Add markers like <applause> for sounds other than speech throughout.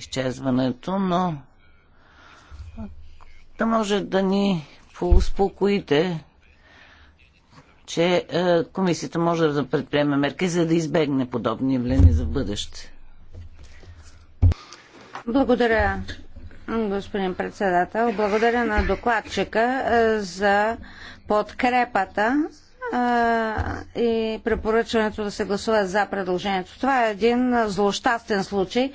изчезването, но да може да ни поуспокоите, че е, комисията може да предприеме мерки, за да избегне подобни явления за бъдеще. Благодаря, господин председател. Благодаря на докладчика е, за подкрепата и препоръчването да се гласува за предложението. Това е един злощастен случай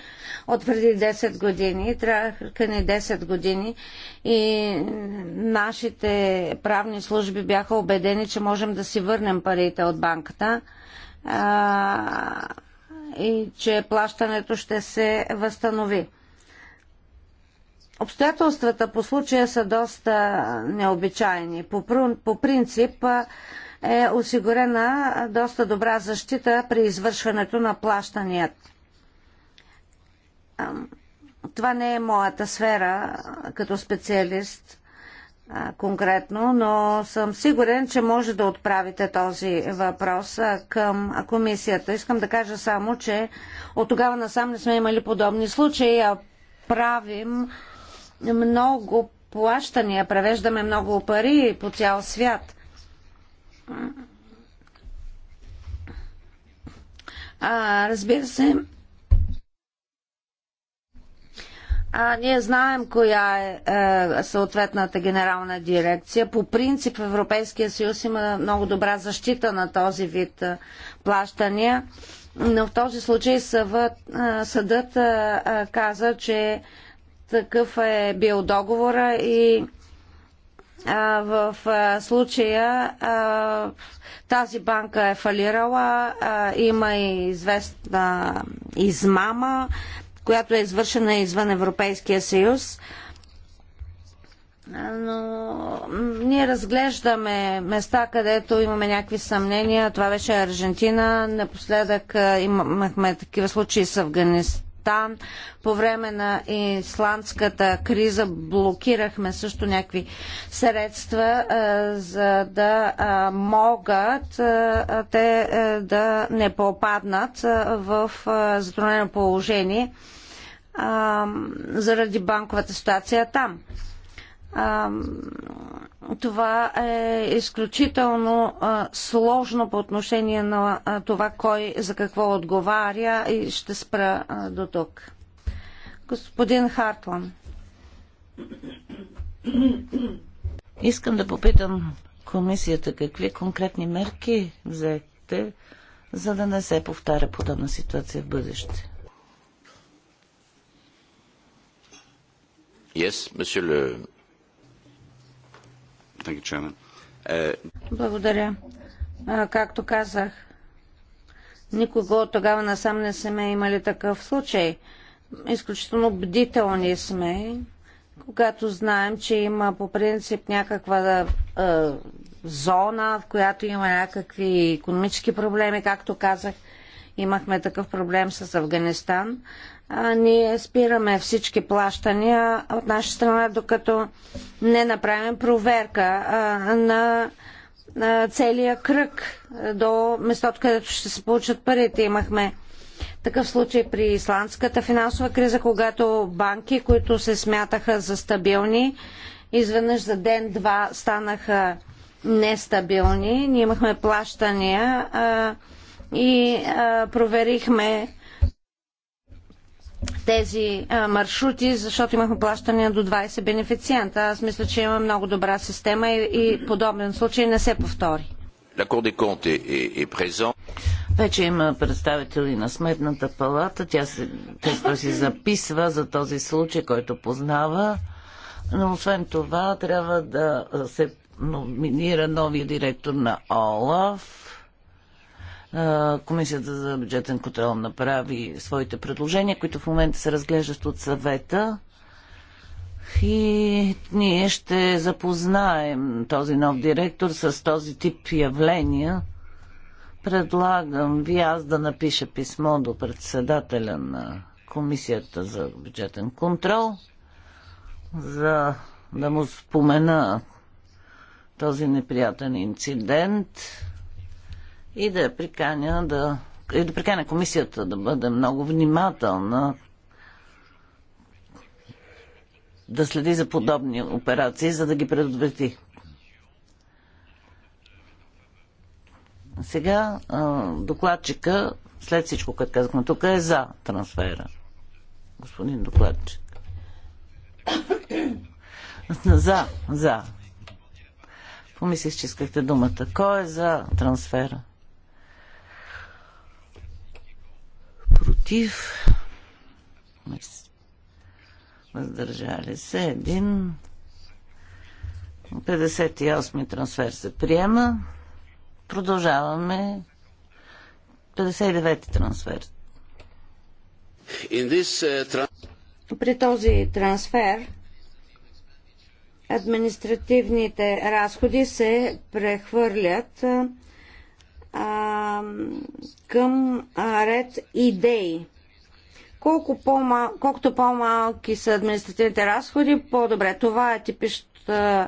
от преди 10 години. Трябваха ни 10 години и нашите правни служби бяха убедени, че можем да си върнем парите от банката и че плащането ще се възстанови. Обстоятелствата по случая са доста необичайни. По, по принцип, е осигурена доста добра защита при извършването на плащаният. Това не е моята сфера като специалист конкретно, но съм сигурен, че може да отправите този въпрос към комисията. Искам да кажа само, че от тогава насам не сме имали подобни случаи, а правим много плащания, превеждаме много пари по цял свят. А, разбира се, а, ние знаем коя е, е съответната генерална дирекция. По принцип в Европейския съюз има много добра защита на този вид е, плащания, но в този случай съвът, е, съдът е, е каза, че такъв е бил договора и в случая тази банка е фалирала, има и известна измама, която е извършена извън Европейския съюз. Но ние разглеждаме места, където имаме някакви съмнения. Това беше Аржентина. Напоследък имахме такива случаи с Афганистан Пакистан. По време на исландската криза блокирахме също някакви средства, за да могат те да не попаднат в затруднено положение заради банковата ситуация там. А, това е изключително а, сложно по отношение на а, това кой за какво отговаря и ще спра а, до тук. Господин Хартлан. Искам да попитам комисията какви конкретни мерки взехте, за да не се повтаря подобна ситуация в бъдеще. Yes, monsieur le е, Благодаря. Както казах, никога от тогава насам не сме имали такъв случай. Изключително бдителни сме, когато знаем, че има по принцип някаква е, зона, в която има някакви економически проблеми, както казах, имахме такъв проблем с Афганистан а, ние спираме всички плащания от наша страна, докато не направим проверка а, на а, целия кръг до местото, където ще се получат парите. Имахме такъв случай при исландската финансова криза, когато банки, които се смятаха за стабилни, изведнъж за ден-два станаха нестабилни. Ние имахме плащания а, и а, проверихме тези а, маршрути, защото имахме плащане до 20 бенефициента. Аз мисля, че има много добра система и, и подобен случай не се повтори. Вече има представители на Сметната палата. Тя се, тесто си записва за този случай, който познава. Но освен това, трябва да се номинира новия директор на ОЛАФ Комисията за бюджетен контрол направи своите предложения, които в момента се разглеждат от съвета. И ние ще запознаем този нов директор с този тип явления. Предлагам ви аз да напиша писмо до председателя на Комисията за бюджетен контрол, за да му спомена този неприятен инцидент и да приканя да и да приканя комисията да бъде много внимателна да следи за подобни операции, за да ги предотврати. Сега докладчика, след всичко, което казахме тук, е за трансфера. Господин докладчик. за, за. Помислих, че искахте думата. Кой е за трансфера? против, въздържали се един. 58 ми трансфер се приема. Продължаваме. 59 ти трансфер. Uh, При този трансфер административните разходи се прехвърлят а, към а, ред идеи. Колко по-мал, колкото по-малки са административните разходи, по-добре. Това е типичната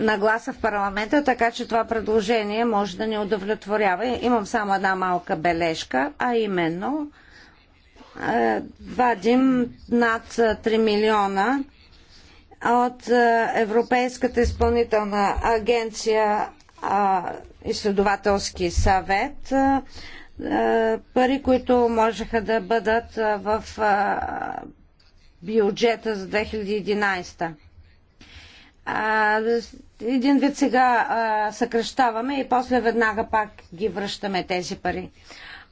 нагласа в парламента, така че това предложение може да ни удовлетворява. Имам само една малка бележка, а именно вадим над 3 милиона от Европейската изпълнителна агенция изследователски съвет, пари, които можеха да бъдат в бюджета за 2011. Един вид сега съкръщаваме и после веднага пак ги връщаме тези пари.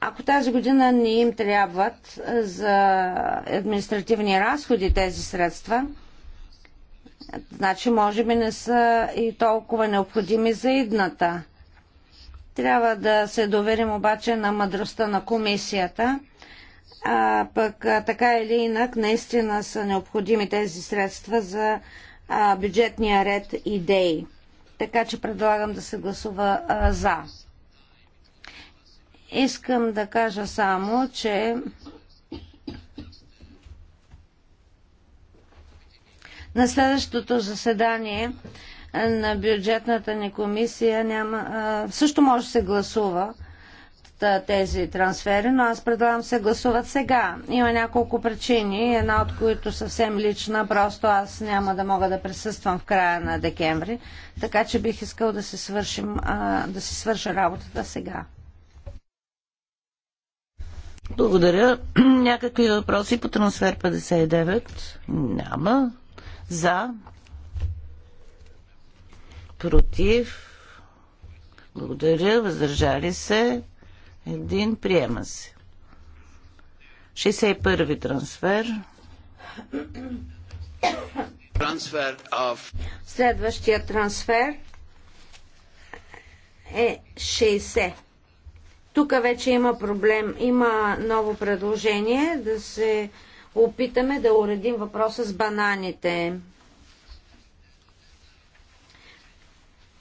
Ако тази година не им трябват за административни разходи тези средства, Значи, може би не са и толкова необходими за идната. Трябва да се доверим обаче на мъдростта на комисията. А, пък а, така или инак, наистина са необходими тези средства за а, бюджетния ред идеи. Така че предлагам да се гласува а, за. Искам да кажа само, че На следващото заседание на бюджетната ни комисия няма, също може да се гласува тези трансфери, но аз предлагам се гласуват сега. Има няколко причини, една от които съвсем лична, просто аз няма да мога да присъствам в края на декември, така че бих искал да се, свършим, да се свърша работата сега. Благодаря. <clears throat> Някакви въпроси по трансфер 59? Няма. За. Против. Благодаря. Въздържали се. Един. Приема се. 61-ви трансфер. Трансфер Of... Следващия трансфер е 60. Тук вече има проблем. Има ново предложение да се опитаме да уредим въпроса с бананите.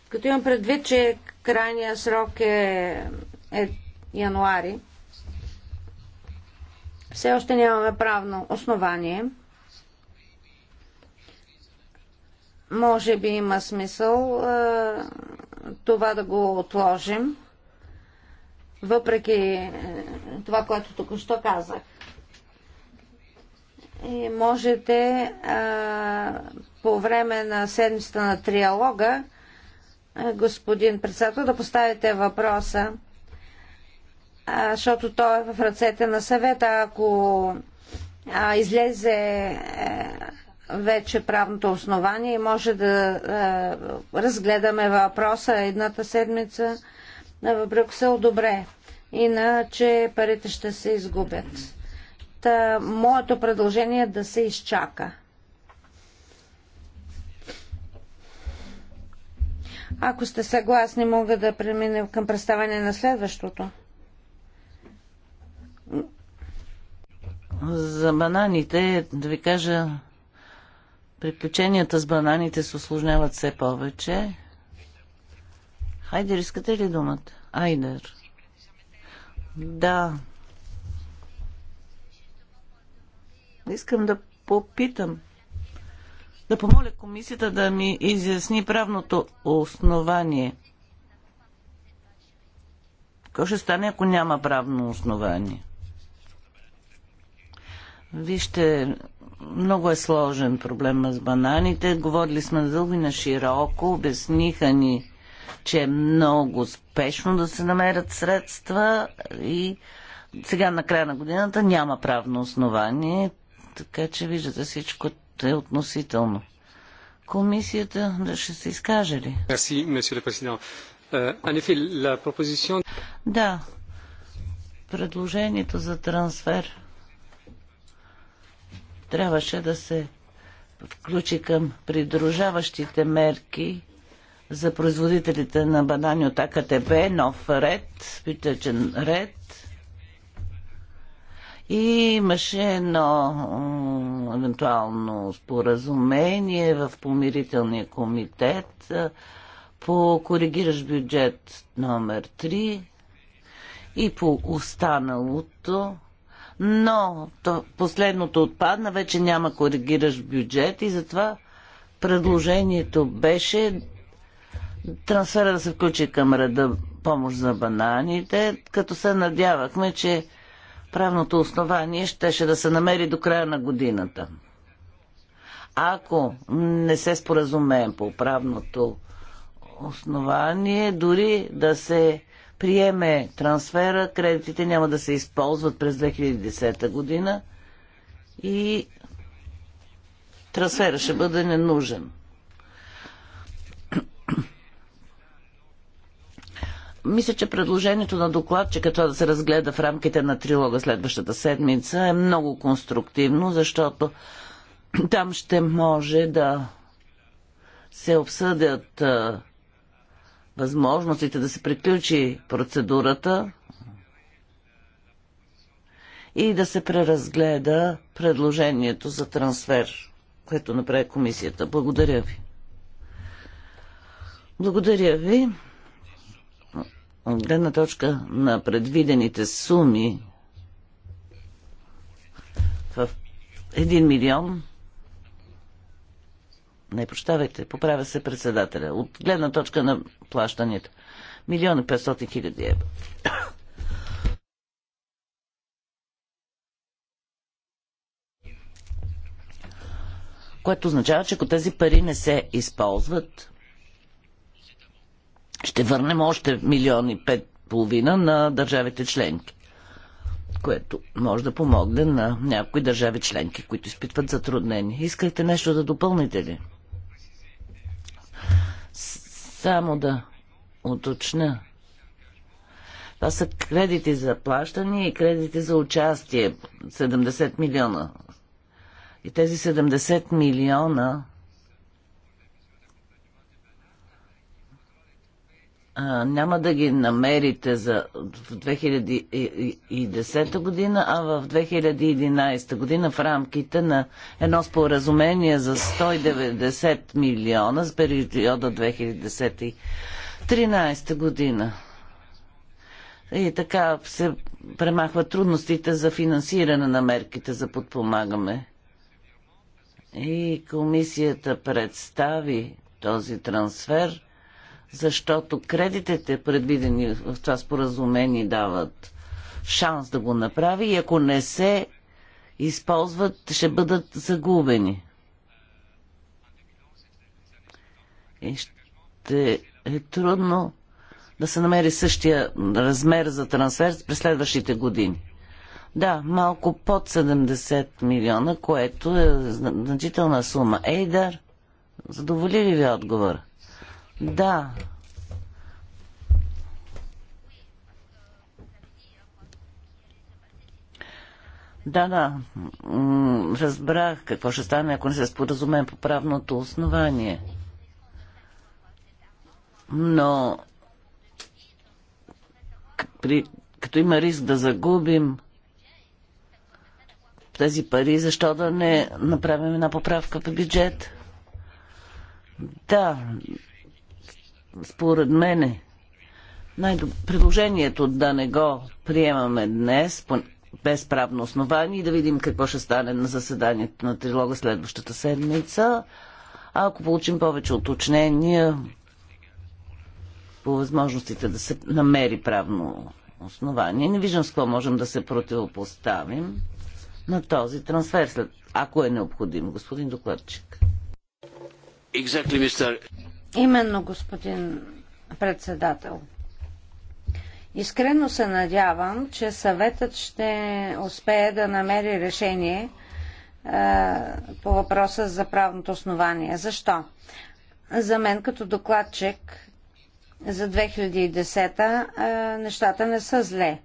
Като имам предвид, че крайния срок е, е януари, все още нямаме правно основание. Може би има смисъл е, това да го отложим, въпреки е, това, което току-що казах и можете а, по време на седмицата на триалога, господин председател, да поставите въпроса, а, защото той е в ръцете на съвета. Ако а, излезе а, е, вече правното основание и може да а, е, разгледаме въпроса едната седмица в Брюксел, добре. Иначе парите ще се изгубят моето предложение е да се изчака. Ако сте съгласни, мога да преминем към представяне на следващото. За бананите, да ви кажа, приключенията с бананите се осложняват все повече. Хайдер, искате ли думата? Айдер. Да, Искам да попитам, да помоля комисията да ми изясни правното основание. Какво ще стане, ако няма правно основание? Вижте, много е сложен проблема с бананите. Говорили сме дълго и на широко. Обясниха ни, че е много спешно да се намерят средства и сега на края на годината няма правно основание. Така че виждате всичко е относително. Комисията да ще се изкаже ли? Мерси, месье президент. Да, предложението за трансфер трябваше да се включи към придружаващите мерки за производителите на банани от АКТБ, нов ред, спитъчен ред, и имаше едно евентуално споразумение в помирителния комитет по коригираш бюджет номер 3 и по останалото, но то, последното отпадна, вече няма коригираш бюджет и затова предложението беше трансфера да се включи към реда помощ за бананите, като се надявахме, че правното основание щеше да се намери до края на годината. Ако не се споразумеем по правното основание, дори да се приеме трансфера, кредитите няма да се използват през 2010 година и трансфера ще бъде ненужен. Мисля, че предложението на докладчика това да се разгледа в рамките на трилога следващата седмица е много конструктивно, защото <clears throat> там ще може да се обсъдят а, възможностите да се приключи процедурата и да се преразгледа предложението за трансфер, което направи комисията. Благодаря ви. Благодаря ви от гледна точка на предвидените суми в 1 милион не, прощавайте, поправя се председателя. От гледна точка на плащането. Милион и 500 хиляди евро. Което означава, че ако тези пари не се използват, ще върнем още милиони пет половина на държавите членки, което може да помогне на някои държави членки, които изпитват затруднения. Искахте нещо да допълните ли? Само да уточня. Това са кредити за плащане и кредити за участие. 70 милиона. И тези 70 милиона а, няма да ги намерите за в 2010 година, а в 2011 година в рамките на едно споразумение за 190 милиона с периода 2013 година. И така се премахват трудностите за финансиране на мерките за подпомагаме. И комисията представи този трансфер – защото кредитите, предвидени в това споразумение, дават шанс да го направи и ако не се използват, ще бъдат загубени. И ще е трудно да се намери същия размер за трансфер през следващите години. Да, малко под 70 милиона, което е значителна сума. Ейдар, задоволи ли ви отговора? Да. Да, да. Разбрах какво ще стане, ако не се споразумеем по правното основание. Но при, като има риск да загубим тези пари, защо да не направим една поправка по бюджет? Да, според мене, предложението да не го приемаме днес, без правно основание и да видим какво ще стане на заседанието на трилога следващата седмица. А ако получим повече уточнения по възможностите да се намери правно основание, не виждам с какво можем да се противопоставим на този трансфер, след, ако е необходим, господин докладчик. Exactly, Именно, господин председател. Искрено се надявам, че съветът ще успее да намери решение е, по въпроса за правното основание. Защо? За мен като докладчик за 2010 е, нещата не са зле.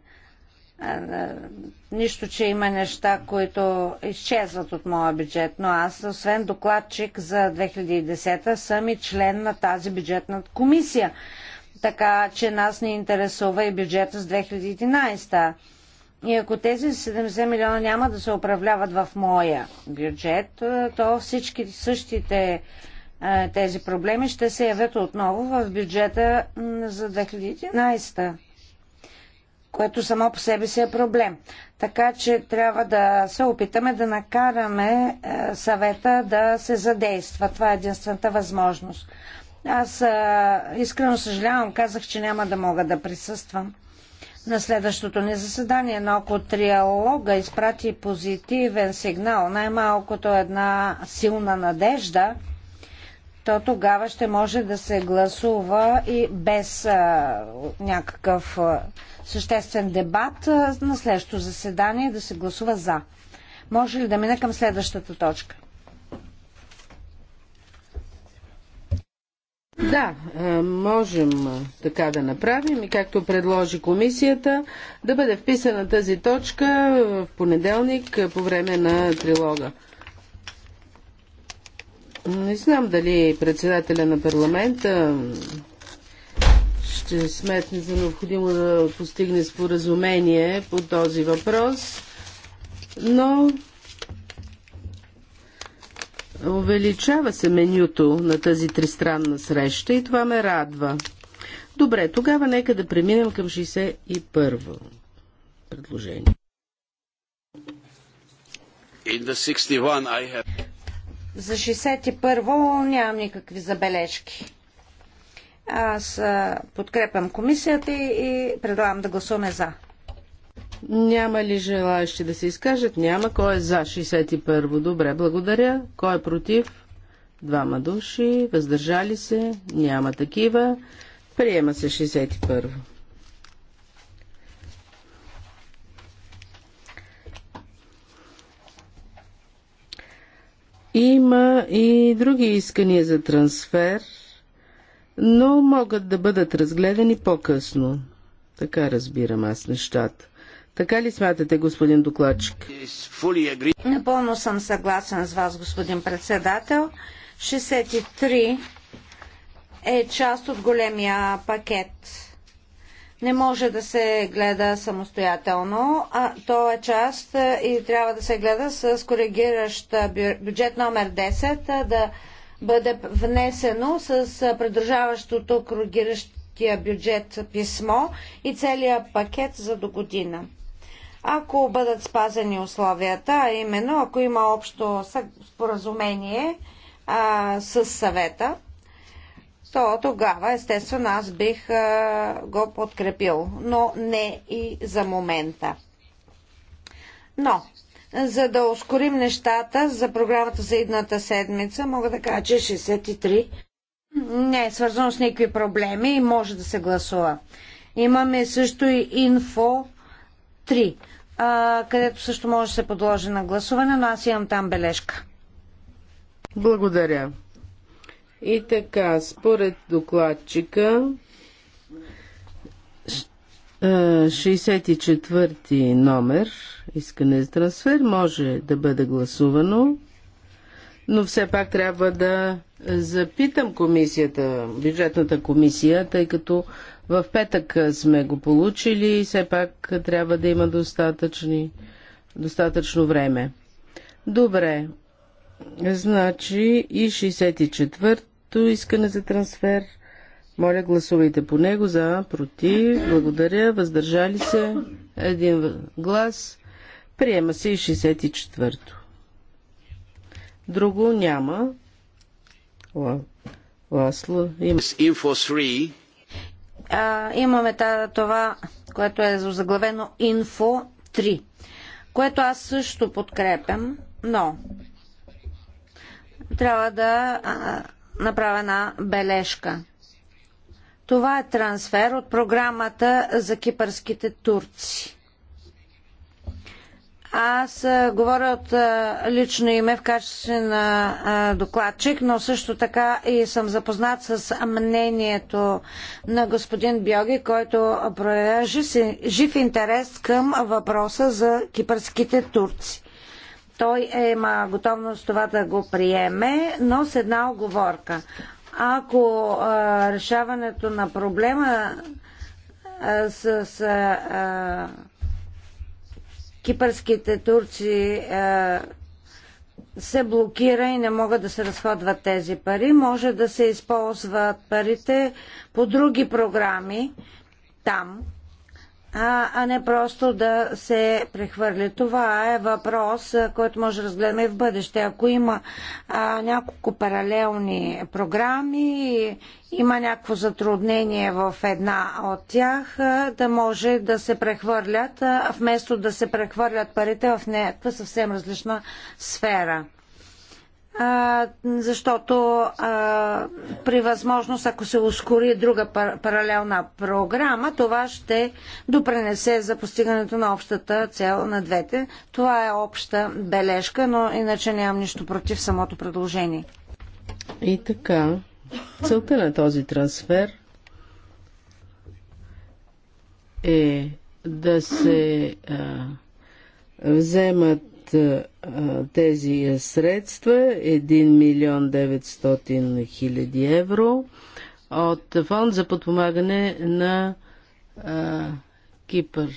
Нищо, че има неща, които изчезват от моя бюджет, но аз, освен докладчик за 2010, съм и член на тази бюджетна комисия. Така че нас ни интересува и бюджета с 2011. И ако тези 70 милиона няма да се управляват в моя бюджет, то всички същите тези проблеми ще се явят отново в бюджета за 2011 което само по себе си е проблем. Така че трябва да се опитаме да накараме е, съвета да се задейства. Това е единствената възможност. Аз е, искрено съжалявам, казах, че няма да мога да присъствам на следващото ни заседание, но ако триалога изпрати позитивен сигнал, най-малкото една силна надежда, то тогава ще може да се гласува и без а, някакъв а, съществен дебат а, на следващото заседание да се гласува за. Може ли да мина към следващата точка? Да, можем така да направим и както предложи комисията да бъде вписана тази точка в понеделник по време на трилога. Не знам дали председателя на парламента ще сметне за необходимо да постигне споразумение по този въпрос, но увеличава се менюто на тази тристранна среща и това ме радва. Добре, тогава нека да преминем към 61-во предложение. За 61-во нямам никакви забележки. Аз подкрепям комисията и предлагам да гласуваме за. Няма ли желаящи да се изкажат? Няма. Кой е за 61-во? Добре, благодаря. Кой е против? Двама души. Въздържали се? Няма такива. Приема се 61-во. Има и други искания за трансфер, но могат да бъдат разгледани по-късно. Така разбирам аз нещата. Така ли смятате, господин докладчик? Напълно съм съгласен с вас, господин председател. 63 е част от големия пакет не може да се гледа самостоятелно, а то е част е, и трябва да се гледа с коригиращ е, бюджет номер 10 е, да бъде внесено с придружаващото коригиращия бюджет писмо и целият пакет за до година. Ако бъдат спазени условията, а именно ако има общо споразумение а, с съвета, то тогава, естествено, аз бих а, го подкрепил, но не и за момента. Но, за да ускорим нещата за програмата за едната седмица, мога да кажа, че 63 не е свързано с никакви проблеми и може да се гласува. Имаме също и инфо 3, а, където също може да се подложи на гласуване, но аз имам там бележка. Благодаря. И така, според докладчика, 64 номер искане за трансфер може да бъде гласувано, но все пак трябва да запитам комисията, бюджетната комисия, тъй като в петък сме го получили и все пак трябва да има достатъчни, достатъчно време. Добре, значи и 64 също искане за трансфер. Моля, гласувайте по него за, против, благодаря, въздържали се, един глас. Приема се и 64-то. Друго няма. Ласло има. А, имаме това, което е заглавено Info 3, което аз също подкрепям, но трябва да а, направена бележка. Това е трансфер от програмата за кипърските турци. Аз говоря от лично име в качестве на докладчик, но също така и съм запознат с мнението на господин Бьоги, който проявява жив интерес към въпроса за кипърските турци. Той е, има готовност това да го приеме, но с една оговорка. Ако а, решаването на проблема а, с, а, а, кипърските турци а, се блокира и не могат да се разходват тези пари. Може да се използват парите по други програми там, а, а не просто да се прехвърля. Това е въпрос, който може да разгледаме и в бъдеще. Ако има а, няколко паралелни програми, има някакво затруднение в една от тях, да може да се прехвърлят, вместо да се прехвърлят парите в някаква съвсем различна сфера а, защото а, при възможност, ако се ускори друга пар- паралелна програма, това ще допренесе за постигането на общата цел на двете. Това е обща бележка, но иначе нямам нищо против самото предложение. И така, целта на този трансфер е да се а, вземат от тези средства 1 милион 900 хиляди евро от фонд за подпомагане на а, Кипър.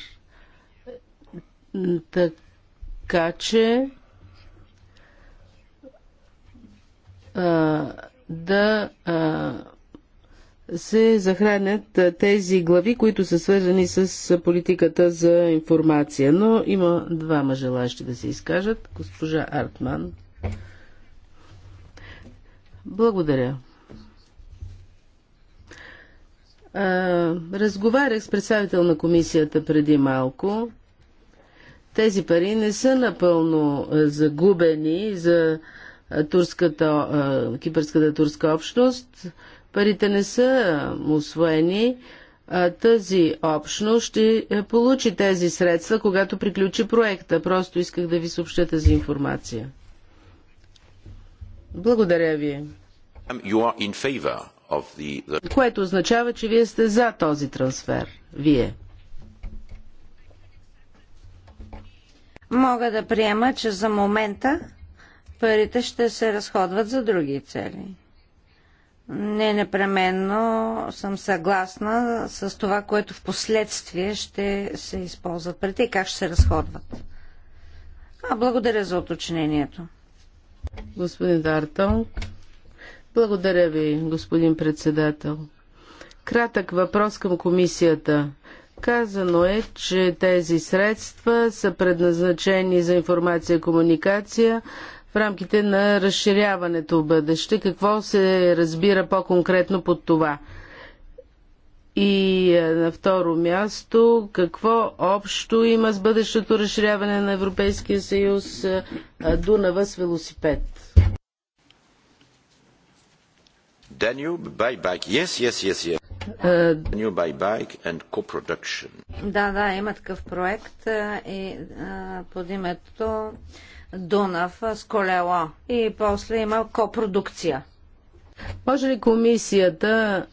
Така че а, да а, се захранят тези глави, които са свързани с политиката за информация. Но има двама желащи да се изкажат. Госпожа Артман. Благодаря. разговарях с представител на комисията преди малко. Тези пари не са напълно загубени за турската, кипърската турска общност парите не са освоени, тази общност ще получи тези средства, когато приключи проекта. Просто исках да ви съобща тази информация. Благодаря ви. Um, the... Което означава, че вие сте за този трансфер. Вие. Мога да приема, че за момента парите ще се разходват за други цели не непременно съм съгласна с това, което в последствие ще се използват преди и как ще се разходват. А, благодаря за уточнението. Господин Дартонг, благодаря ви, господин председател. Кратък въпрос към комисията. Казано е, че тези средства са предназначени за информация и комуникация, в рамките на разширяването в бъдеще. Какво се разбира по-конкретно под това? И е, на второ място, какво общо има с бъдещото разширяване на Европейския съюз е, е, Дунава с велосипед? by bike. Yes, yes, yes, yes. by bike and co-production. Да, да, има такъв проект и под името Дунав с колело. И после има копродукция. Може ли комисията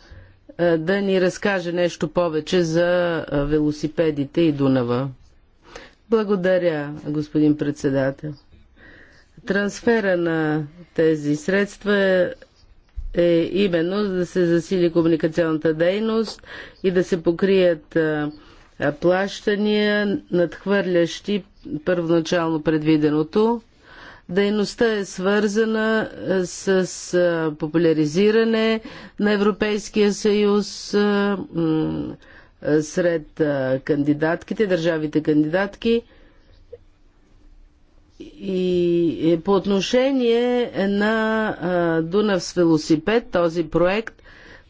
е, да ни разкаже нещо повече за е, велосипедите и Дунава? Благодаря, господин председател. Трансфера на тези средства е, е именно за да се засили комуникационната дейност и да се покрият плащания, надхвърлящи първоначално предвиденото. Дейността е свързана с популяризиране на Европейския съюз сред кандидатките, държавите кандидатки и по отношение на Дунав с велосипед, този проект,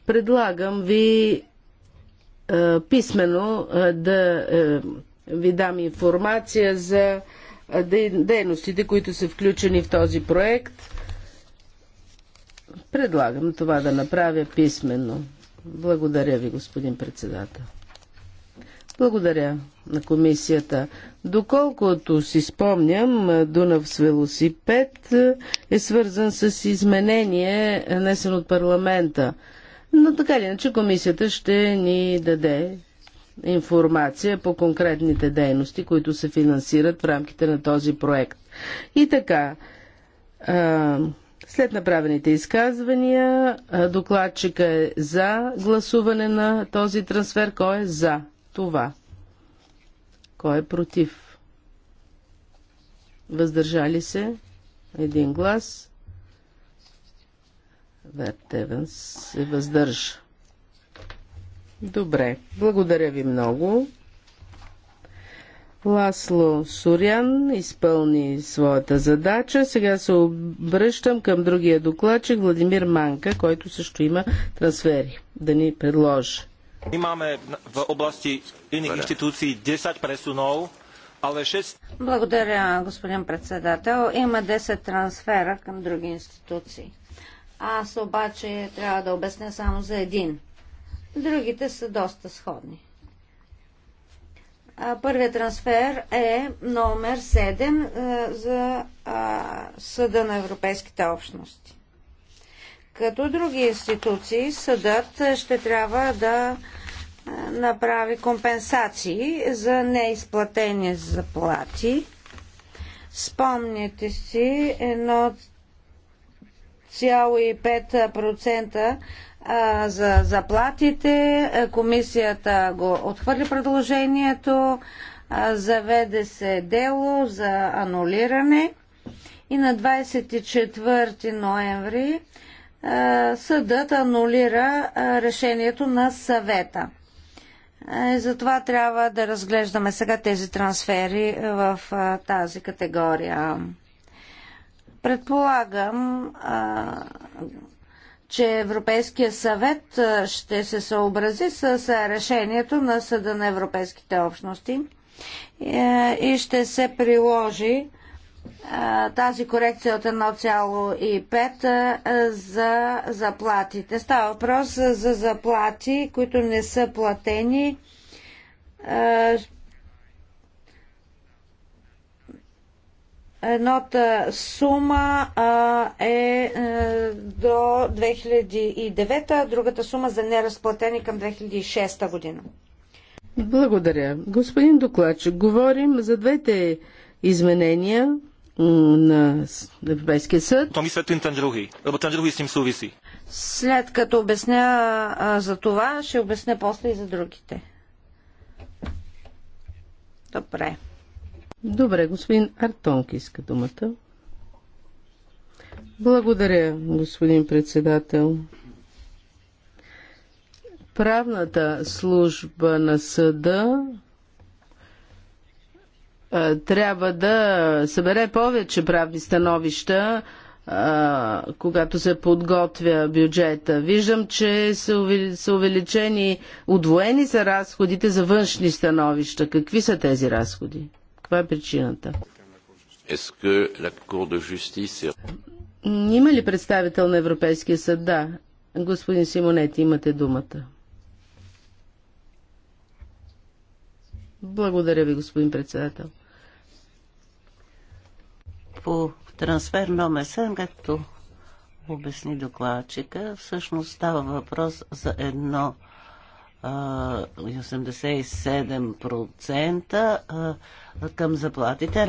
предлагам ви писмено да е, ви дам информация за дейностите, които са включени в този проект. Предлагам това да направя писменно. Благодаря ви, господин председател. Благодаря на комисията. Доколкото си спомням, Дунав с велосипед е свързан с изменение, несен от парламента. Но така или иначе комисията ще ни даде информация по конкретните дейности, които се финансират в рамките на този проект. И така, след направените изказвания, докладчика е за гласуване на този трансфер. Кой е за това? Кой е против? Въздържали се? Един глас. Верт Евенс се въздържа. Добре, благодаря ви много. Ласло Сурян изпълни своята задача. Сега се обръщам към другия докладчик Владимир Манка, който също има трансфери да ни предложи. Имаме в области и институции 10 пресунов, але 6... Благодаря, господин председател. Има 10 трансфера към други институции. Аз обаче трябва да обясня само за един – Другите са доста сходни. Първият трансфер е номер 7 за Съда на Европейските общности. Като други институции, съдът ще трябва да направи компенсации за неизплатени заплати. Спомняте си едно 1,5% за заплатите. Комисията го отхвърли предложението. Заведе се дело за анулиране. И на 24 ноември съдът анулира решението на съвета. Затова трябва да разглеждаме сега тези трансфери в тази категория. Предполагам, че Европейския съвет ще се съобрази с решението на Съда на Европейските общности е, и ще се приложи тази корекция от 1,5 за заплатите. Става въпрос за заплати, които не са платени Едната сума а, е, е до 2009, а другата сума за неразплатени към 2006 година. Благодаря. Господин Докладчик, говорим за двете изменения на Европейския съд. То ми светлин тен други, тен други с ним съвиси. След като обясня а, за това, ще обясня после и за другите. Добре. Добре, господин Артонк иска думата. Благодаря, господин председател. Правната служба на съда трябва да събере повече правни становища, когато се подготвя бюджета. Виждам, че са увеличени, удвоени са разходите за външни становища. Какви са тези разходи? Каква е причината? Има ли представител на Европейския съд? Да. Господин Симонет, имате думата. Благодаря ви, господин председател. По трансфер номер 7, както обясни докладчика, всъщност става въпрос за едно 87% към заплатите,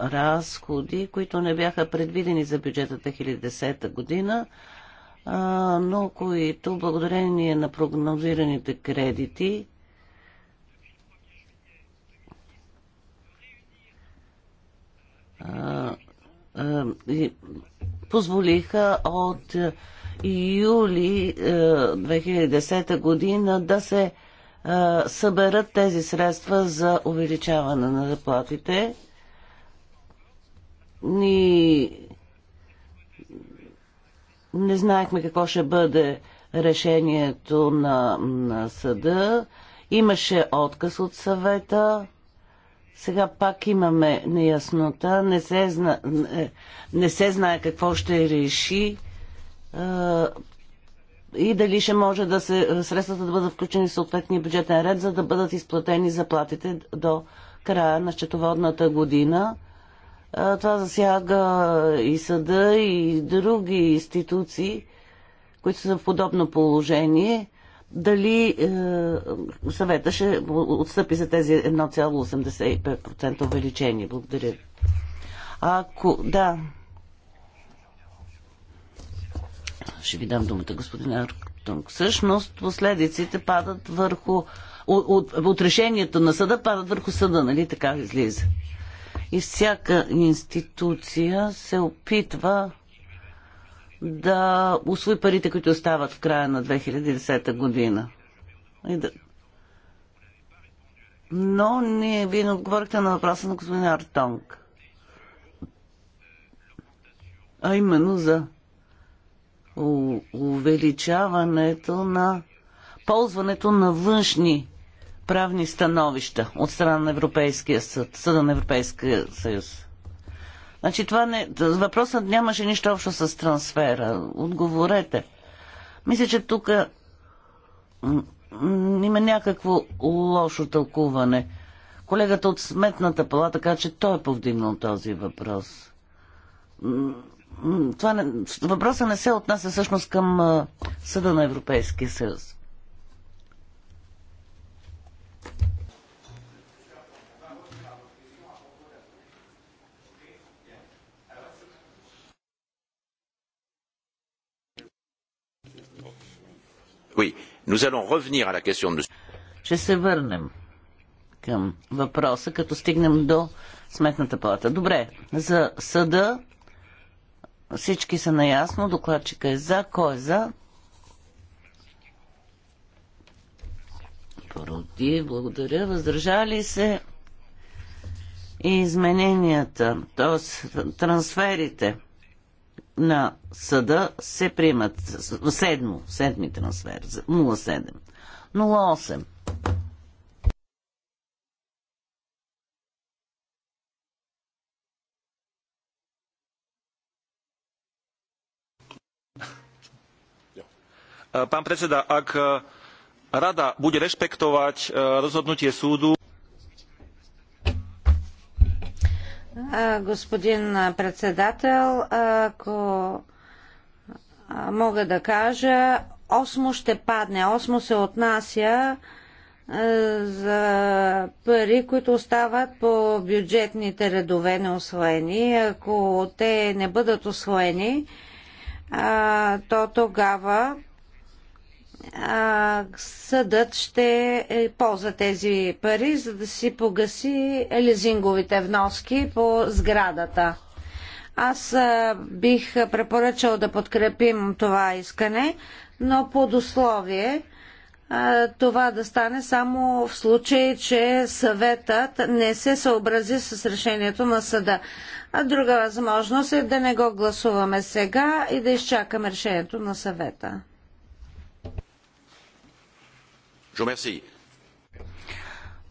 разходи, които не бяха предвидени за бюджета 2010 година, но които благодарение на прогнозираните кредити позволиха от юли 2010 е, година да се е, съберат тези средства за увеличаване на заплатите. Ни не знаехме какво ще бъде решението на, на съда. Имаше отказ от съвета. Сега пак имаме неяснота. Не се, зна... не се знае какво ще реши и дали ще може да се, средствата да бъдат включени в съответния бюджетен ред, за да бъдат изплатени заплатите до края на счетоводната година. Това засяга и съда, и други институции, които са в подобно положение. Дали е, съвета ще отстъпи за тези 1,85% увеличение? Благодаря. Ако, да, ще ви дам думата, господин Артунг. Всъщност последиците падат върху... От, от, от решението на съда падат върху съда, нали така излиза? И всяка институция се опитва да усвои парите, които остават в края на 2010 година. И да... Но ние вие не отговорихте на въпроса на господин Артонг. А именно за увеличаването на ползването на външни правни становища от страна на Европейския съд, съда на Европейския съюз. Значи това не, въпросът нямаше нищо общо с трансфера. Отговорете. Мисля, че тук има някакво лошо тълкуване. Колегата от Сметната палата така, че той е повдигнал този въпрос това не, въпроса не се отнася всъщност към а, Съда на Европейския съюз. Oui, nous allons revenir à la question de... Ще се върнем към въпроса, като стигнем до сметната палата. Добре, за съда всички са наясно. Докладчика е за. Кой е за? Против. Благодаря. Въздържали се и измененията, т.е. трансферите на съда се приемат. Седмо. Седми трансфер. 07. 08. pán predseda ak rada bude rešpektovať rozhodnutie súdu Господин председател, э, ако э, мога да кажа, осмо ще падне. Осмо се отнася э, за пари, които остават по бюджетните редове неосвоени. Ако те не бъдат освоени, то тогава съдът ще е, ползва тези пари, за да си погаси лизинговите вноски по сградата. Аз бих препоръчал да подкрепим това искане, но под условие това да стане само в случай, че съветът не се съобрази с решението на съда. А друга възможност е да не го гласуваме сега и да изчакаме решението на съвета. Je remercie.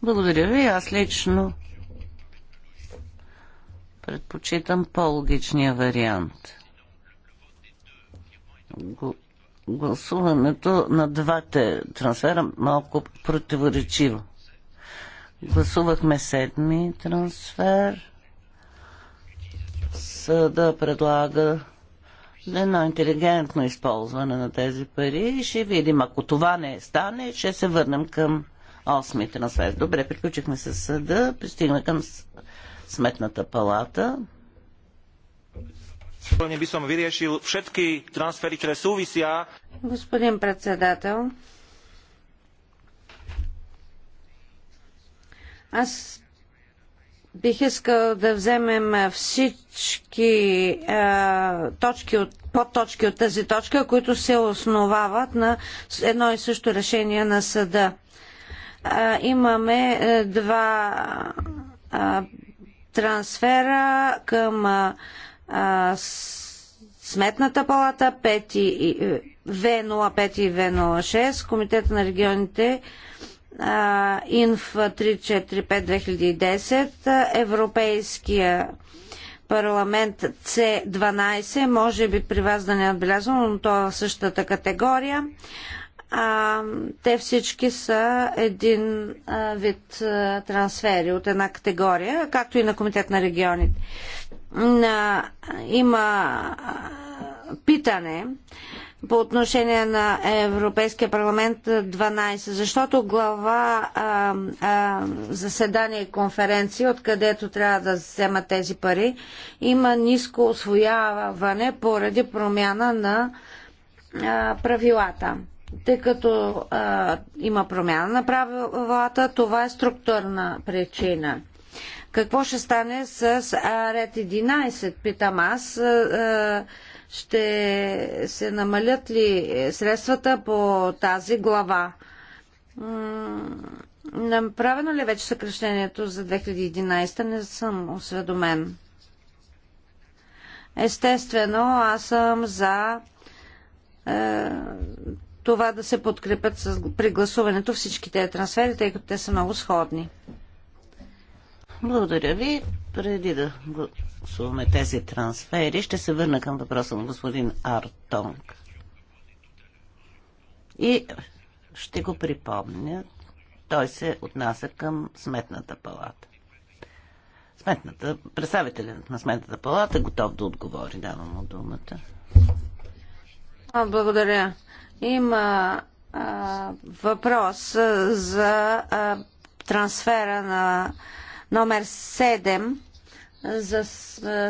Благодаря ви. Аз лично предпочитам по-логичния вариант. Гласуването на двата трансфера малко противоречиво. Гласувахме седми трансфер. Съда предлага едно интелигентно използване на тези пари и ще видим. Ако това не стане, ще се върнем към осми трансфер. Добре, приключихме с съда, пристигна към сметната палата. би съм Господин председател, аз бих искал да вземем всички а, точки от подточки от тази точка, които се основават на едно и също решение на съда. Имаме е, два трансфера към Сметната палата 5 и, е, В05 и В06, Комитета на регионите Инф 345-2010, Европейския парламент C12, може би при вас да не е отбелязано, но то е същата категория. А, те всички са един а, вид а, трансфери от една категория, както и на Комитет на регионите. На, има питане по отношение на Европейския парламент 12, защото глава а, а, заседание и конференции, откъдето трябва да вземат тези пари, има ниско освояване поради промяна на а, правилата. Тъй като а, има промяна на правилата, това е структурна причина. Какво ще стане с ред 11, питам аз. А, а ще се намалят ли средствата по тази глава? Направено ли е вече съкрещението за 2011? Не съм осведомен. Естествено, аз съм за е, това да се подкрепят с, при гласуването всички трансфери, тъй като те са много сходни. Благодаря ви. Преди да гласуваме тези трансфери, ще се върна към въпроса на господин Артонг. И ще го припомня, той се отнася към Сметната палата. Сметната, представителят на Сметната палата е готов да отговори. Давам му думата. А, благодаря. Има а, въпрос за а, трансфера на номер за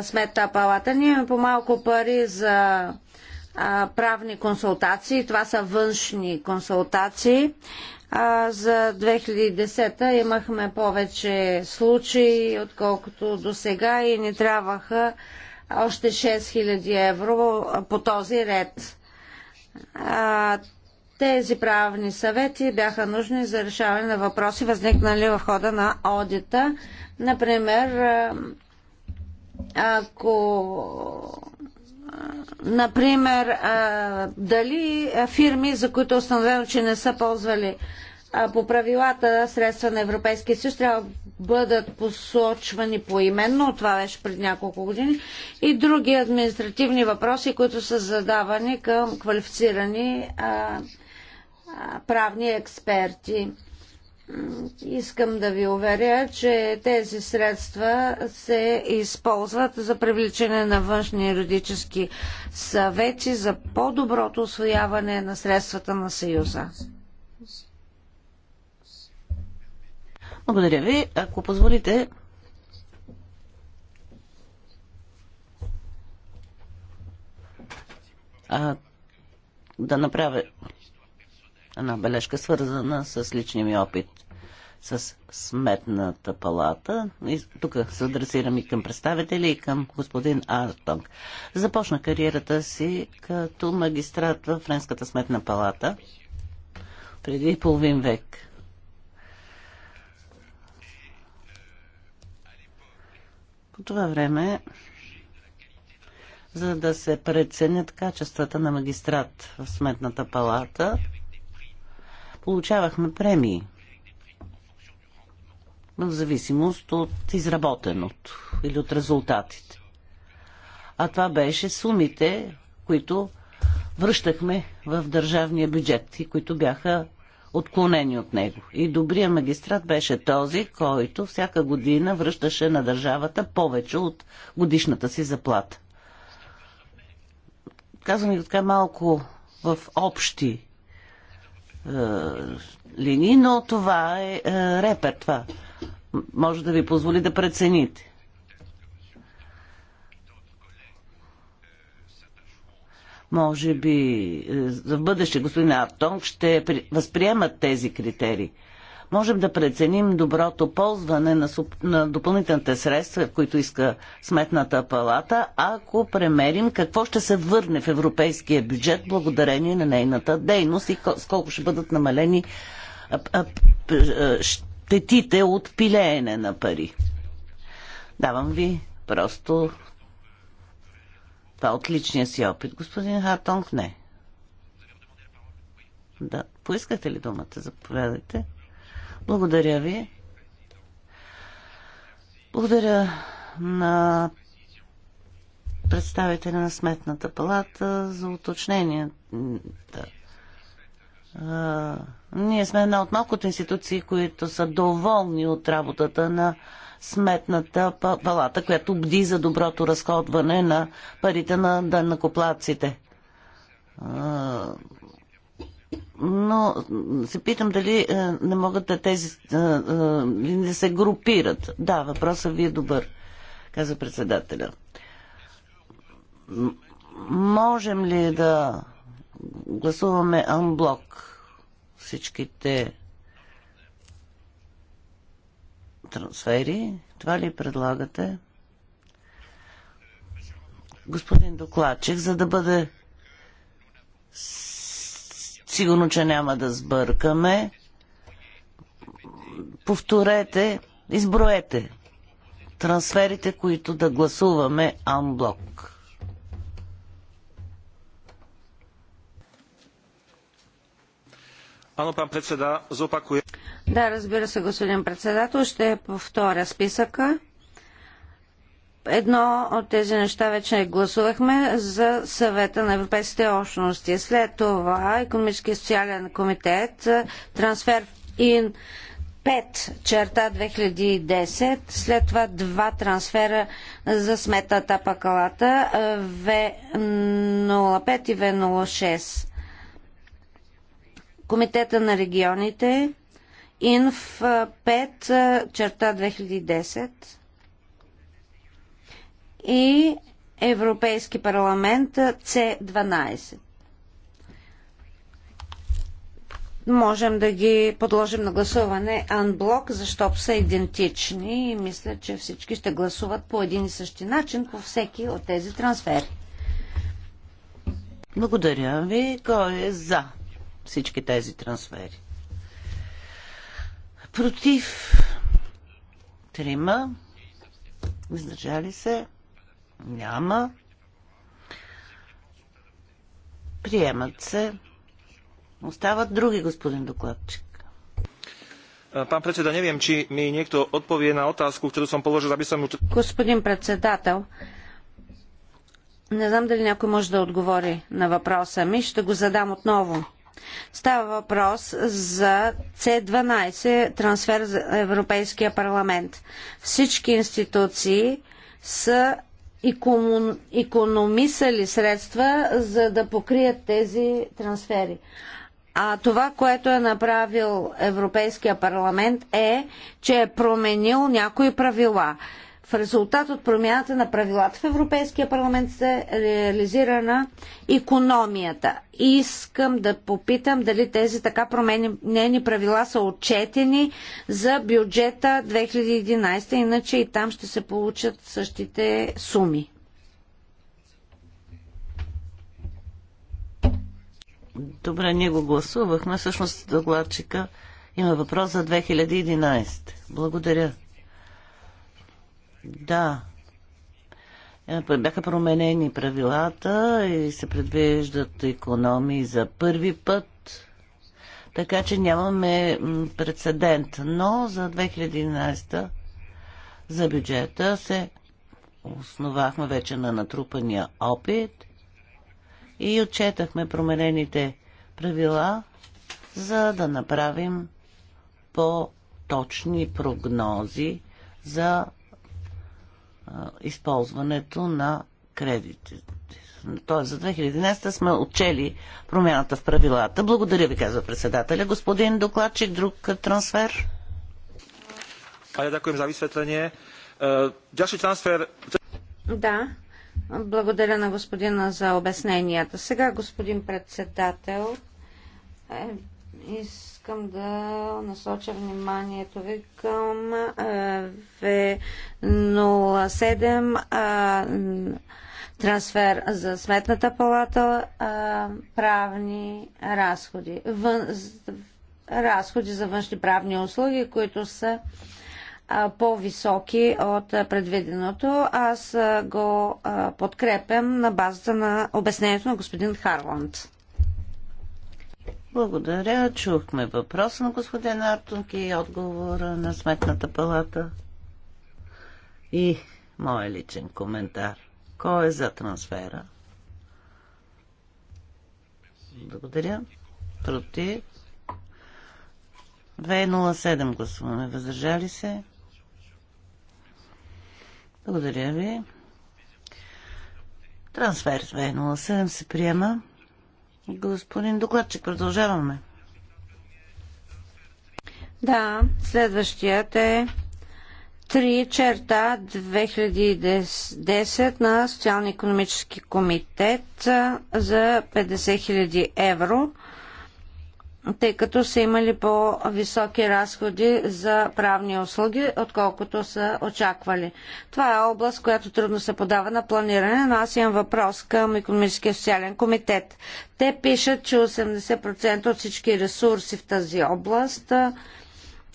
сметта палата. Ние имаме по-малко пари за правни консултации. Това са външни консултации. А за 2010 имахме повече случаи, отколкото до сега и ни трябваха още 6000 евро по този ред. А, тези правни съвети бяха нужни за решаване на въпроси, възникнали в хода на одита. Например, ако например, дали фирми, за които установено, че не са ползвали по правилата средства на Европейския съюз, трябва да бъдат посочвани поименно, това беше пред няколко години, и други административни въпроси, които са задавани към квалифицирани правни експерти. Искам да ви уверя, че тези средства се използват за привличане на външни юридически съвети за по-доброто освояване на средствата на Съюза. Благодаря ви. Ако позволите, а, да направя една бележка, свързана с личния ми опит с сметната палата. И тук се адресирам и към представители, и към господин Артонг. Започна кариерата си като магистрат в Френската сметна палата преди половин век. По това време, за да се преценят качествата на магистрат в Сметната палата, получавахме премии в зависимост от изработеното или от резултатите. А това беше сумите, които връщахме в държавния бюджет и които бяха отклонени от него. И добрия магистрат беше този, който всяка година връщаше на държавата повече от годишната си заплата. Казвам ви така малко в общи е, линии, но това е, е репер. Това може да ви позволи да прецените. Може би за е, в бъдеще господин Артонг ще възприемат тези критерии можем да преценим доброто ползване на, суп... на допълнителните средства, които иска Сметната палата, ако премерим какво ще се върне в европейския бюджет благодарение на нейната дейност и колко ще бъдат намалени щетите от пилеене на пари. Давам ви просто това от личния си опит. Господин Хартонг, не. Да. Поискате ли думата? Заповядайте. Благодаря ви. Благодаря на представителя на Сметната палата за уточненията. Ние сме една от малкото институции, които са доволни от работата на Сметната палата, която бди за доброто разходване на парите на дънакоплаците но се питам дали е, не могат да тези не е, се групират. Да, въпросът ви е добър, каза председателя. Можем ли да гласуваме анблок всичките трансфери? Това ли предлагате? Господин докладчик, за да бъде Сигурно, че няма да сбъркаме. Повторете, изброете трансферите, които да гласуваме анблок. Да, разбира се, господин председател. Ще повторя списъка. Едно от тези неща вече гласувахме за съвета на европейските общности. След това економически и социален комитет, трансфер ин 5 черта 2010, след това два трансфера за сметната пакалата В05 и В06. Комитета на регионите Инф 5 черта 2010 и Европейски парламент C12. Можем да ги подложим на гласуване анблок, защото са идентични и мисля, че всички ще гласуват по един и същи начин по всеки от тези трансфери. Благодаря ви. Кой е за всички тези трансфери? Против трима. Въздържали се. Няма. Приемат се. Остават други, господин докладчик. Pán predseda, neviem, či mi niekto odpovie na otázku, ktorú som položil, aby som ju... Господин председател, не знам дали някой може да отговори на въпроса ми. Ще го задам отново. Става въпрос за C12 трансфер за Европейския парламент. Всички институции са икономисали економисали средства, за да покрият тези трансфери. А това, което е направил Европейския парламент е, че е променил някои правила в резултат от промяната на правилата в Европейския парламент се реализира на економията. Искам да попитам дали тези така променени правила са отчетени за бюджета 2011, иначе и там ще се получат същите суми. Добре, ние го гласувахме. Всъщност докладчика има въпрос за 2011. Благодаря. Да. Е, бяха променени правилата и се предвиждат економии за първи път. Така че нямаме прецедент. Но за 2011 за бюджета се основахме вече на натрупания опит и отчетахме променените правила, за да направим по-точни прогнози за използването на кредитите. Тоест за 2011 сме отчели промяната в правилата. Благодаря ви, казва председателя. Господин докладчик, друг трансфер? А я дякуем за висветление. Е, Дяши трансфер... Да, благодаря на господина за обясненията. Сега, господин председател, е, из искам да насоча вниманието ви към в 07 трансфер за сметната палата, правни разходи. Вън, разходи за външни правни услуги, които са по-високи от предвиденото. Аз го подкрепям на базата на обяснението на господин Харланд. Благодаря. Чухме въпрос на господин Артунг и отговора на Сметната палата. И моят личен коментар. Кой е за трансфера? Благодаря. Против. 207 гласуваме. Въздържали се? Благодаря ви. Трансфер 207 се приема. Господин докладчик, продължаваме. Да, следващият е 3 черта 2010 на Социално-економически комитет за 50 000 евро тъй като са имали по-високи разходи за правни услуги, отколкото са очаквали. Това е област, която трудно се подава на планиране, но аз имам въпрос към Економическия социален комитет. Те пишат, че 80% от всички ресурси в тази област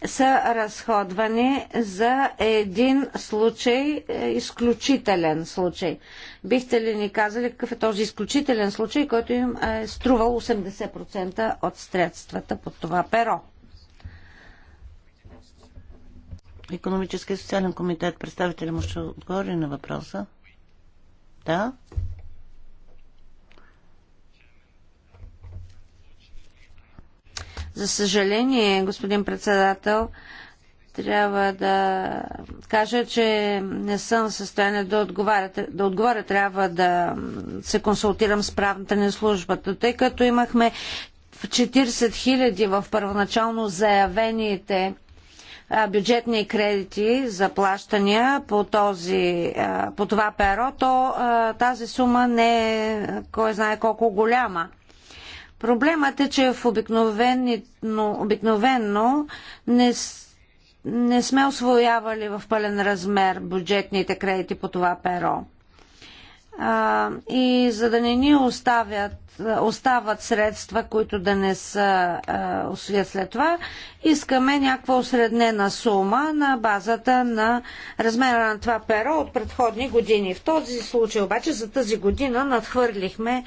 са разходвани за един случай, е, изключителен случай. Бихте ли ни казали какъв е този изключителен случай, който им е струвал 80% от средствата под това перо? Економически и социален комитет, представителя му ще отговори на въпроса. Да? За съжаление, господин председател, трябва да кажа, че не съм в състояние да отговаря. Да отговаря трябва да се консултирам с правната ни служба. Тъй като имахме 40 хиляди в първоначално заявените бюджетни кредити за плащания по, този, по това перо, то тази сума не е кой знае колко голяма. Проблемът е, че в обикновено, обикновено не, не сме освоявали в пълен размер бюджетните кредити по това перо. А, и за да не ни оставят, остават средства, които да не са а, след това, искаме някаква осреднена сума на базата на размера на това перо от предходни години. В този случай обаче за тази година надхвърлихме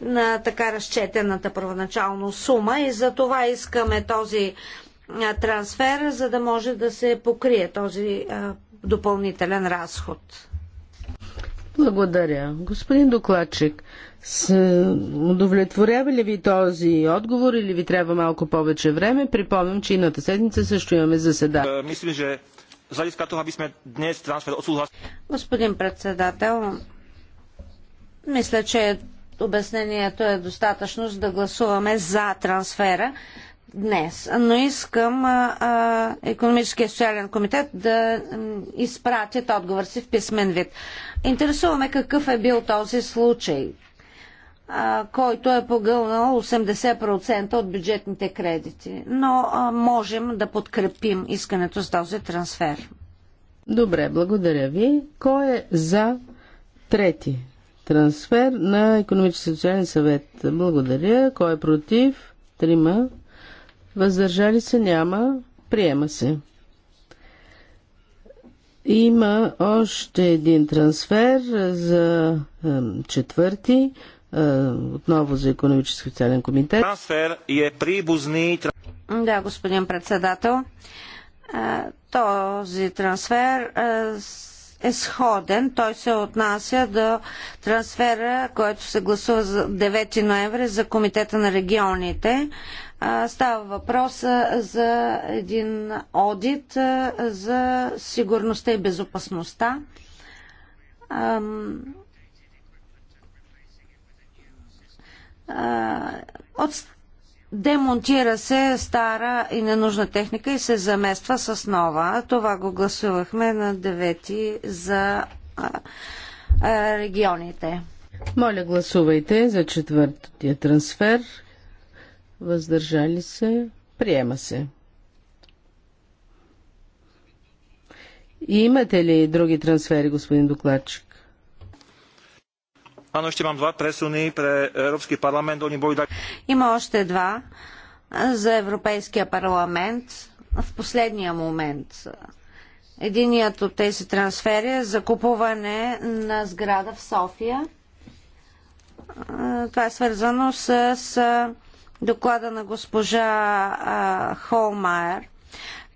на така разчетената първоначално сума и за това искаме този трансфер, за да може да се покрие този допълнителен разход. Благодаря. Господин докладчик, с... удовлетворява ли ви този отговор или ви трябва малко повече време? Припомням, че ината седмица също имаме заседание. Е, мисля, че заиска това би сме днес трансфер отсулгас. Господин председател, мисля, че обяснението е достатъчно за да гласуваме за трансфера днес. Но искам а, а, економическия социален комитет да изпратят отговор си в писмен вид. Интересуваме какъв е бил този случай, а, който е погълнал 80% от бюджетните кредити. Но а, можем да подкрепим искането с този трансфер. Добре, благодаря ви. Кой е за трети трансфер на економически социален съвет. Благодаря. Кой е против? Трима. Въздържали се няма. Приема се. Има още един трансфер за четвърти, е, отново за економически социален комитет. Трансфер е прибузни. Да, господин председател. Е, този трансфер е, е сходен. Той се отнася до трансфера, който се гласува за 9 ноември за Комитета на регионите. Става въпрос за един одит за сигурността и безопасността. От Демонтира се стара и ненужна техника и се замества с нова. Това го гласувахме на 9 за регионите. Моля, гласувайте за четвъртия трансфер. Въздържали се. Приема се. имате ли други трансфери, господин докладчик? Áno, ešte mám dva presuny pre Európsky parlament. Oni boli Има още два за Европейския парламент в последния момент. Единият от тези трансфери е за купуване на сграда в София. Това е свързано с доклада на госпожа Холмайер –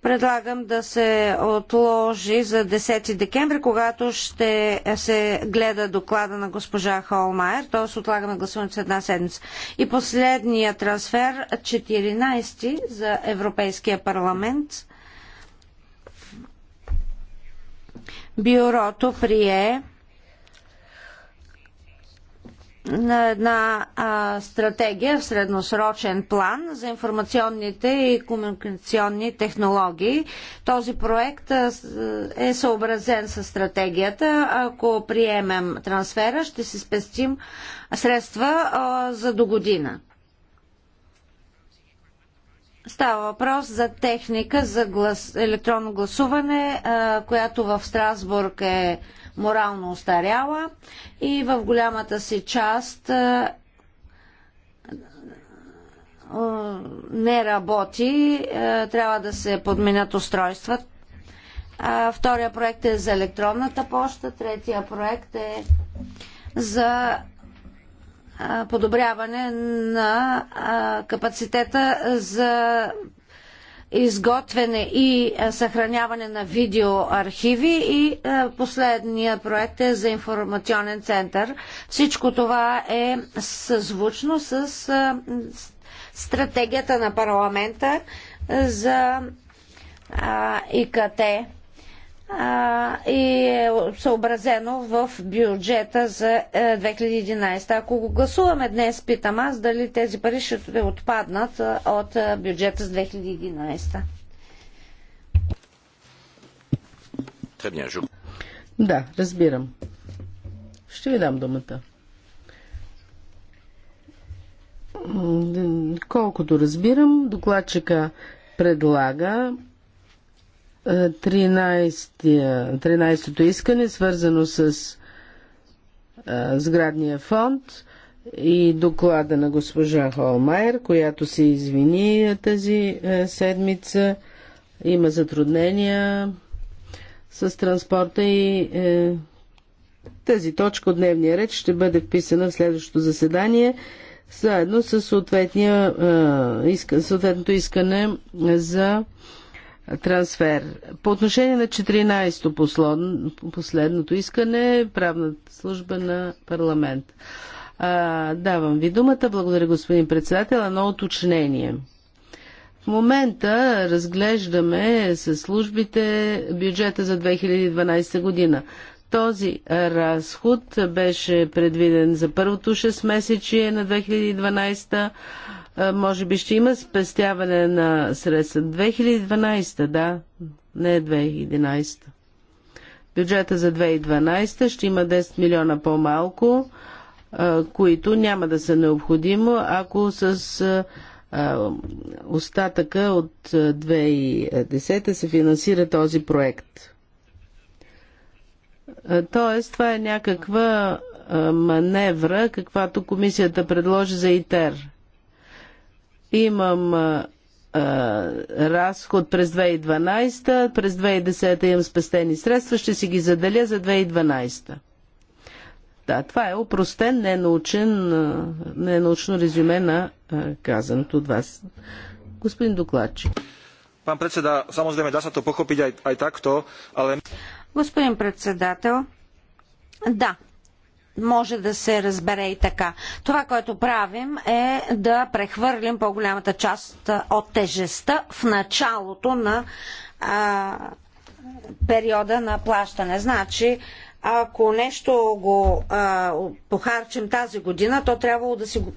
Предлагам да се отложи за 10 декември, когато ще се гледа доклада на госпожа Холмайер, т.е. отлагаме гласуването с една седмица. И последния трансфер, 14 за Европейския парламент. Бюрото прие на една а, стратегия в средносрочен план за информационните и комуникационни технологии. Този проект а, е съобразен с стратегията. Ако приемем трансфера, ще си спестим средства а, за до година. Става въпрос за техника за глас, електронно гласуване, а, която в Страсбург е морално устаряла и в голямата си част а, а, не работи, трябва да се подменят устройства. Втория проект е за електронната поща, третия проект е за подобряване на капацитета за изготвяне и съхраняване на видеоархиви и последният проект е за информационен център. Всичко това е съзвучно с стратегията на парламента за ИКТ а, и е съобразено в бюджета за 2011. Е, Ако го гласуваме днес, питам аз дали тези пари ще отпаднат е, от е, бюджета за 2011. Да, разбирам. Ще ви дам думата. Колкото разбирам, докладчика предлага 13-то искане, свързано с сградния фонд и доклада на госпожа Холмайер, която се извини тази седмица. Има затруднения с транспорта и е, тази точка от дневния ред ще бъде вписана в следващото заседание заедно с съответното искане за трансфер. По отношение на 14-то последното искане, правната служба на парламент. А, давам ви думата. Благодаря, господин председател. Едно уточнение. В момента разглеждаме със службите бюджета за 2012 година. Този разход беше предвиден за първото 6 месечие на 2012 година може би ще има спестяване на средства. 2012, да, не 2011. Бюджета за 2012 ще има 10 милиона по-малко, които няма да са необходимо, ако с остатъка от 2010 се финансира този проект. Тоест, това е някаква маневра, каквато комисията предложи за ИТЕР. Имам разход през 2012, през 2010 имам спестени средства, ще си ги заделя за 2012. Да, това е опростен, ненаучен, ненаучно резюме на казаното от вас. Господин докладчик. Пан председател, само да ме да то похопи ай, ай такто, але... Господин председател, да, може да се разбере и така. Това, което правим е да прехвърлим по-голямата част от тежестта в началото на а, периода на плащане. Значи, ако нещо го а, похарчим тази година, то трябвало да си го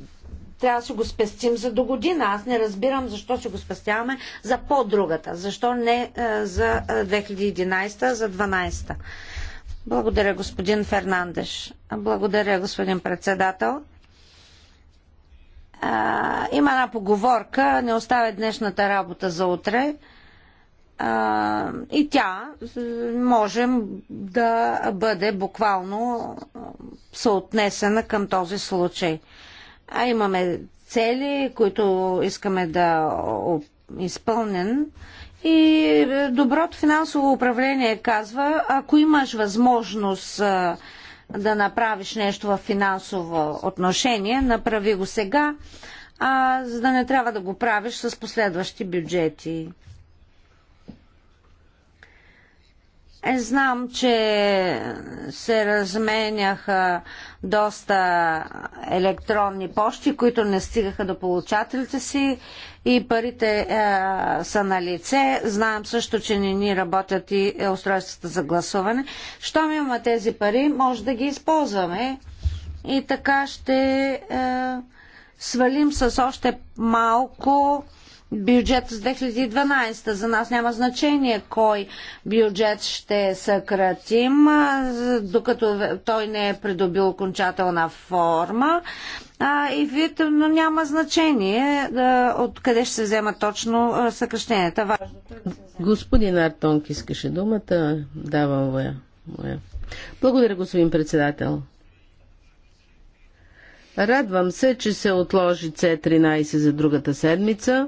трябва да си го спестим за до година. Аз не разбирам защо си го спестяваме за по-другата. Защо не а, за 2011, за 2012. Благодаря, господин Фернандеш. Благодаря, господин председател. А, има една поговорка, не оставя днешната работа за утре. А, и тя можем да бъде буквално съотнесена към този случай. А имаме цели, които искаме да изпълнен и е, доброто финансово управление казва, ако имаш възможност е, да направиш нещо в финансово отношение, направи го сега, а, за да не трябва да го правиш с последващи бюджети. Знам, че се разменяха доста електронни почти, които не стигаха до получателите си и парите е, са на лице. Знам също, че не ни работят и устройствата за гласуване. Щом имаме тези пари, може да ги използваме и така ще е, свалим с още малко бюджет с 2012. За нас няма значение кой бюджет ще съкратим, докато той не е придобил окончателна форма. А, и вид, но няма значение да, откъде ще се взема точно съкръщенията. Господин Артонк искаше думата. Давам моя. Благодаря, господин председател. Радвам се, че се отложи с 13 за другата седмица.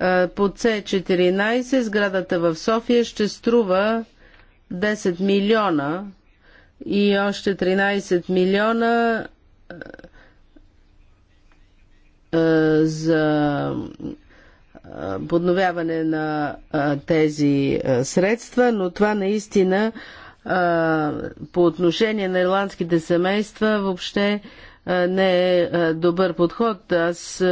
Е, по с 14 сградата в София ще струва 10 милиона и още 13 милиона е, за е, подновяване на тези средства, но това наистина по отношение на ирландските семейства въобще не е добър подход. Аз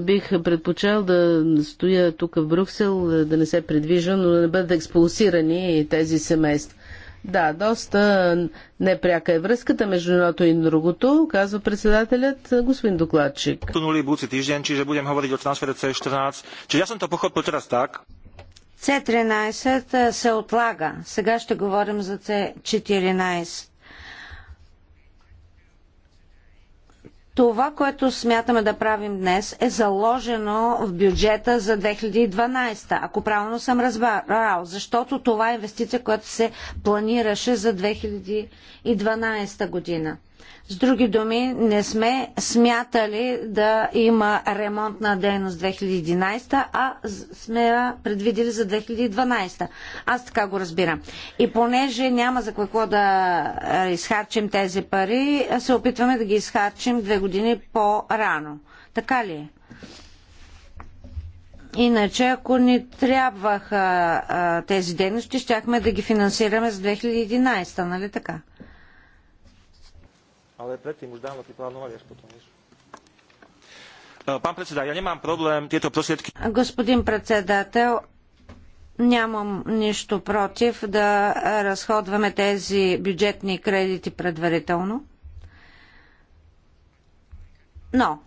Бих предпочел да стоя тук в Брюксел, да не се предвижа, но да не бъдат експулсирани тези семейства. Да, доста непряка е връзката между едното и другото, казва председателят господин докладчик. Тунули буци тижден, че будем говорить от трансфера C14. Че я съм то поход по teraz, так? C13 се отлага. Сега ще говорим за C14. Това, което смятаме да правим днес, е заложено в бюджета за 2012, ако правилно съм разбрал, защото това е инвестиция, която се планираше за 2012 година. С други думи, не сме смятали да има ремонтна дейност 2011, а сме я предвидили за 2012. Аз така го разбирам. И понеже няма за какво да изхарчим тези пари, се опитваме да ги изхарчим две години по-рано. Така ли е? Иначе, ако ни трябваха а, тези дейности, щяхме да ги финансираме за 2011, нали така? ale predtým už dávno ty plánovali potom. Vieš. E, Господин председател, нямам нищо против да разходваме тези бюджетни кредити предварително. Но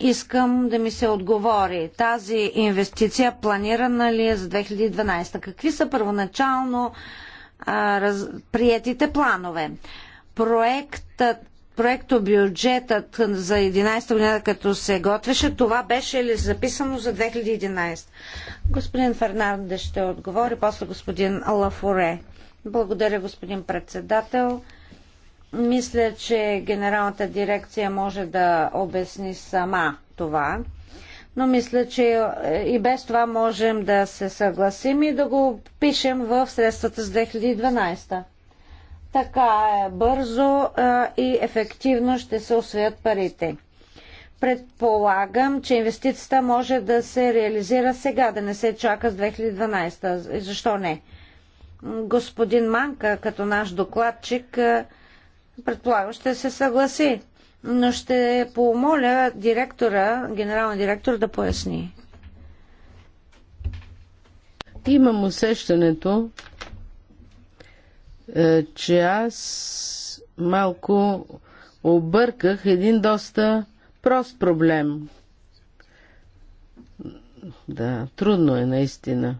искам да ми се отговори. Тази инвестиция планирана ли е за 2012? Какви са първоначално а, раз, приятите планове? Проектът проекто бюджетът за 11 година, като се готвеше, това беше ли записано за 2011? Господин Фернандес ще отговори, после господин Лафоре. Благодаря, господин председател. Мисля, че генералната дирекция може да обясни сама това, но мисля, че и без това можем да се съгласим и да го пишем в средствата с 2012. Така е, бързо и ефективно ще се освоят парите. Предполагам, че инвестицията може да се реализира сега, да не се чака с 2012. Защо не? Господин Манка, като наш докладчик, предполагам, ще се съгласи. Но ще помоля директора, генералния директор да поясни. Имам усещането, е, че аз малко обърках един доста прост проблем. Да, трудно е наистина.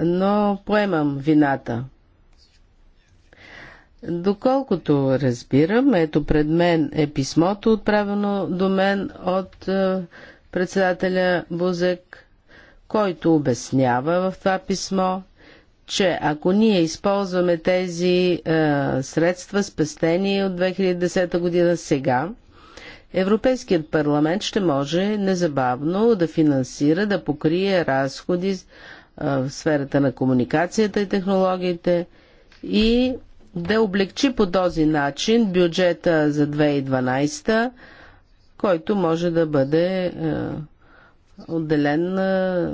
Но поемам вината. Доколкото разбирам, ето пред мен е писмото, отправено до мен от е, председателя Бузек, който обяснява в това писмо, че ако ние използваме тези е, средства, спестени от 2010 година сега, Европейският парламент ще може незабавно да финансира, да покрие разходи е, в сферата на комуникацията и технологиите и да облегчи по този начин бюджета за 2012, който може да бъде е, отделен е,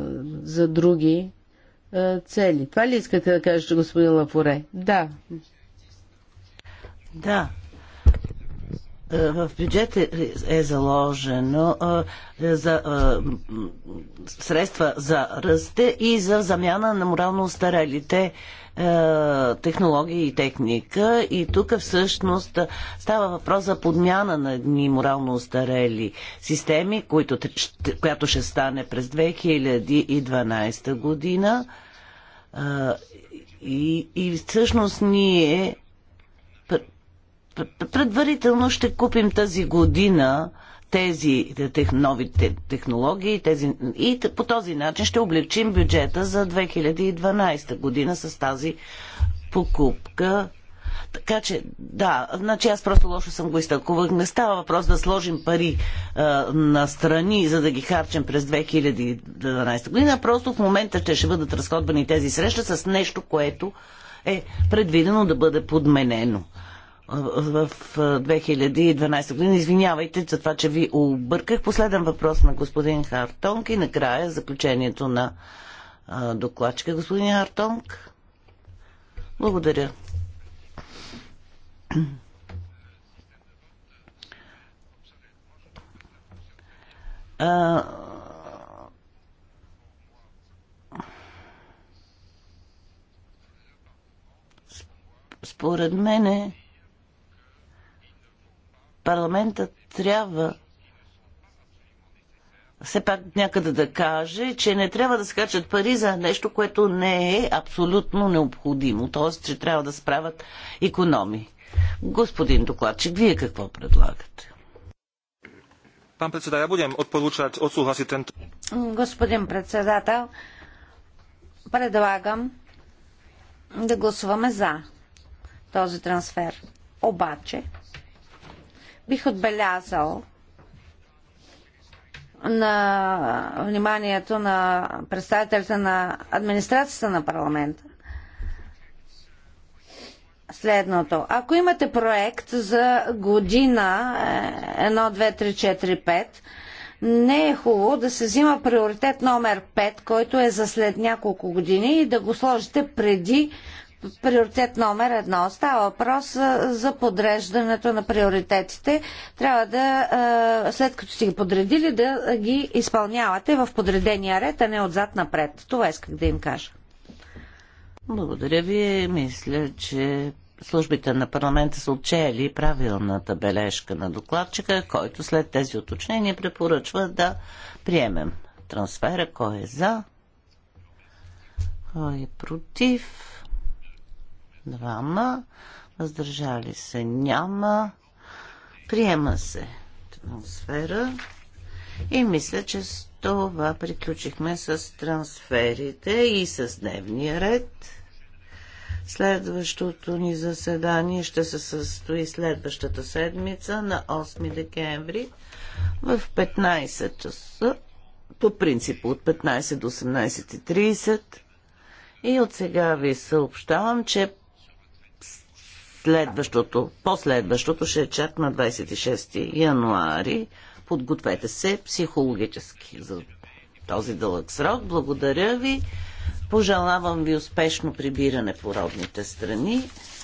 за други е, цели. Това ли искате да кажете, господин Лафоре? Да. Да. Е, в бюджета е заложено е, за средства за ръсте и за замяна на морално устарелите технологии и техника. И тук всъщност става въпрос за подмяна на едни морално устарели системи, която ще стане през 2012 година и, и всъщност ние предварително ще купим тази година тези тех, нови технологии тези, и по този начин ще облегчим бюджета за 2012 година с тази покупка така че, да, значи аз просто лошо съм го изтълкувах. Не става въпрос да сложим пари а, на страни, за да ги харчим през 2012 година. Просто в момента ще, ще бъдат разходвани тези среща с нещо, което е предвидено да бъде подменено в 2012 година. Извинявайте за това, че ви обърках. Последен въпрос на господин Хартонг и накрая заключението на докладчика господин Хартонг. Благодаря. А, според мене парламентът трябва все пак някъде да каже, че не трябва да скачат пари за нещо, което не е абсолютно необходимо. Т.е. че трябва да справят економи. Господин докладчик, вие какво предлагате? Пан председател, я будем отпоручать отсугласи тент. Господин председател, предлагам да гласуваме за този трансфер. Обаче, бих отбелязал, на вниманието на представителите на администрацията на парламента следното. Ако имате проект за година 1, 2, 3, 4, 5, не е хубаво да се взима приоритет номер 5, който е за след няколко години и да го сложите преди приоритет номер едно. Става въпрос за подреждането на приоритетите. Трябва да, след като сте ги подредили, да ги изпълнявате в подредения ред, а не отзад напред. Това исках да им кажа. Благодаря ви. Мисля, че службите на парламента са отчели правилната бележка на докладчика, който след тези уточнения препоръчва да приемем трансфера. Кой е за? Кой е против? Двама. Въздържали се няма. Приема се трансфера. И мисля, че с това приключихме с трансферите и с дневния ред. Следващото ни заседание ще се състои следващата седмица на 8 декември в 15 часа, по принцип от 15 до 18.30. И от сега ви съобщавам, че Следващото, последващото ще е чак на 26 януари. Подгответе се психологически за този дълъг срок. Благодаря ви. Пожелавам ви успешно прибиране по родните страни.